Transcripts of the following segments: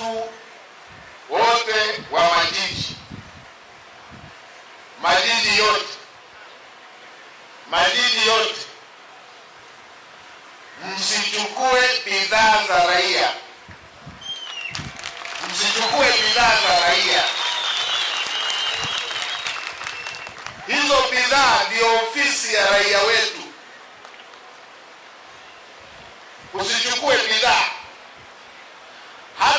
watu wote wa majiji, majiji yote, majiji yote, msichukue bidhaa za raia, msichukue bidhaa za raia. Hizo bidhaa ndiyo ofisi ya raia wetu. Usichukue bidhaa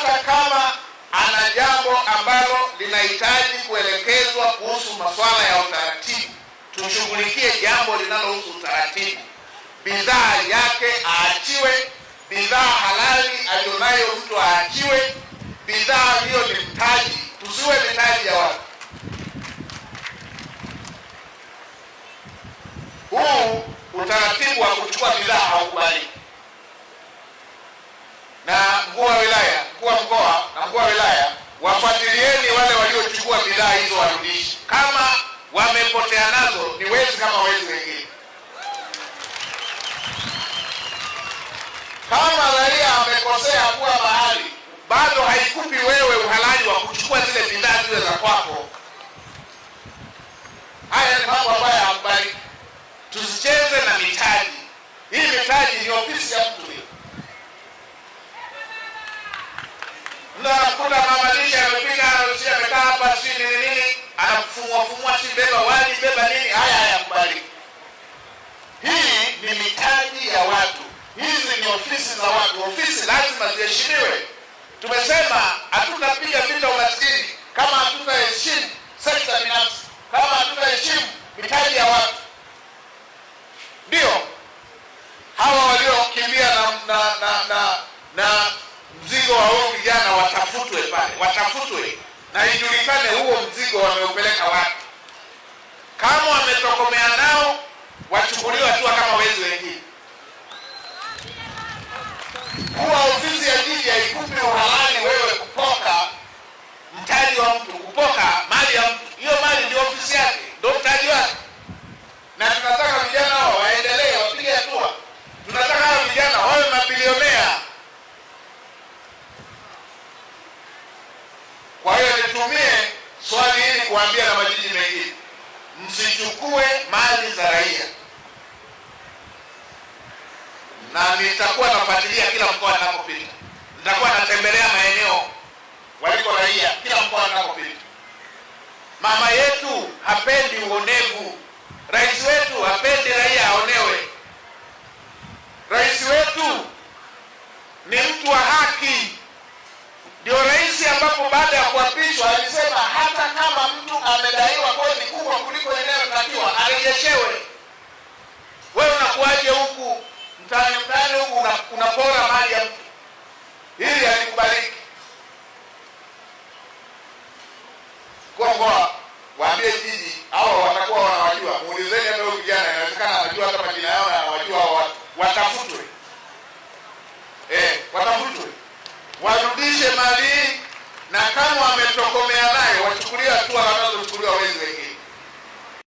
hata kama ana jambo ambalo linahitaji kuelekezwa kuhusu masuala ya utaratibu, tushughulikie jambo linalohusu utaratibu. Bidhaa yake aachiwe, bidhaa halali aliyonayo mtu aachiwe, bidhaa hiyo ni mtaji, tusiwe mitaji ya watu. Huu utaratibu wa kuchukua bidhaa haukubaliki na mkuu wa wilaya, mkuu wa mkoa na mkuu wa wilaya, wafuatilieni wale waliochukua bidhaa hizo, warudishe. Kama wamepotea nazo, ni wezi kama wezi wengine. Kama raia amekosea kuwa mahali, bado haikupi wewe uhalali wa kuchukua zile bidhaa zile za kwako. Haya ni mambo ambayo hambariki. Tusicheze na mitaji hii. Mitaji ni ofisi ya mtu Unakuta mama lishe amepika, anarusia, amekaa hapa, si nini nini, anafumua fumua, si beba wali, beba nini. Haya hayakubaliki. Hii ni mitaji ya watu, hizi ni ofisi za watu. Ofisi lazima ziheshimiwe. Tumesema hatutapiga vita umaskini kama hatutaheshimu sekta binafsi, kama hatutaheshimu mitaji ya watu. Ndio hawa waliokimbia na na na, na, na mzigo wa huo vijana watafutwe pale, watafutwe na ijulikane huo mzigo wameupeleka wapi. Kama wametokomea nao, wachukuliwe hatua kama wezi wengine. Kuwa ofisi ya jiji haikupi uhalali wewe kupoka mtaji wa mtu nitumie swali hili kuambia na majiji mengine, msichukue mali za raia, na nitakuwa nafuatilia kila mkoa ninapopita, nitakuwa natembelea maeneo waliko raia kila mkoa ninapopita. Mama yetu hapendi uonevu, rais wetu hapendi raia aonewe. Rais wetu ni mtu wa haki. Mungu baada ya kuapishwa alisema hata kama mtu amedaiwa kodi kubwa kuliko inayotakiwa arejeshewe. Wewe unakuaje huku mtaani mtaani huku unapora mali ya mtu? Hili halikubaliki. Kongoa waambie jiji, hao watakuwa wanawajua. Muulizeni hata vijana kijana, inawezekana anajua hata majina yao na anawajua watu. Watafutwe eh, watafutwe warudishe mali na kama wametokomea naye wachukulia hatua wanazochukuliwa wezi wengine.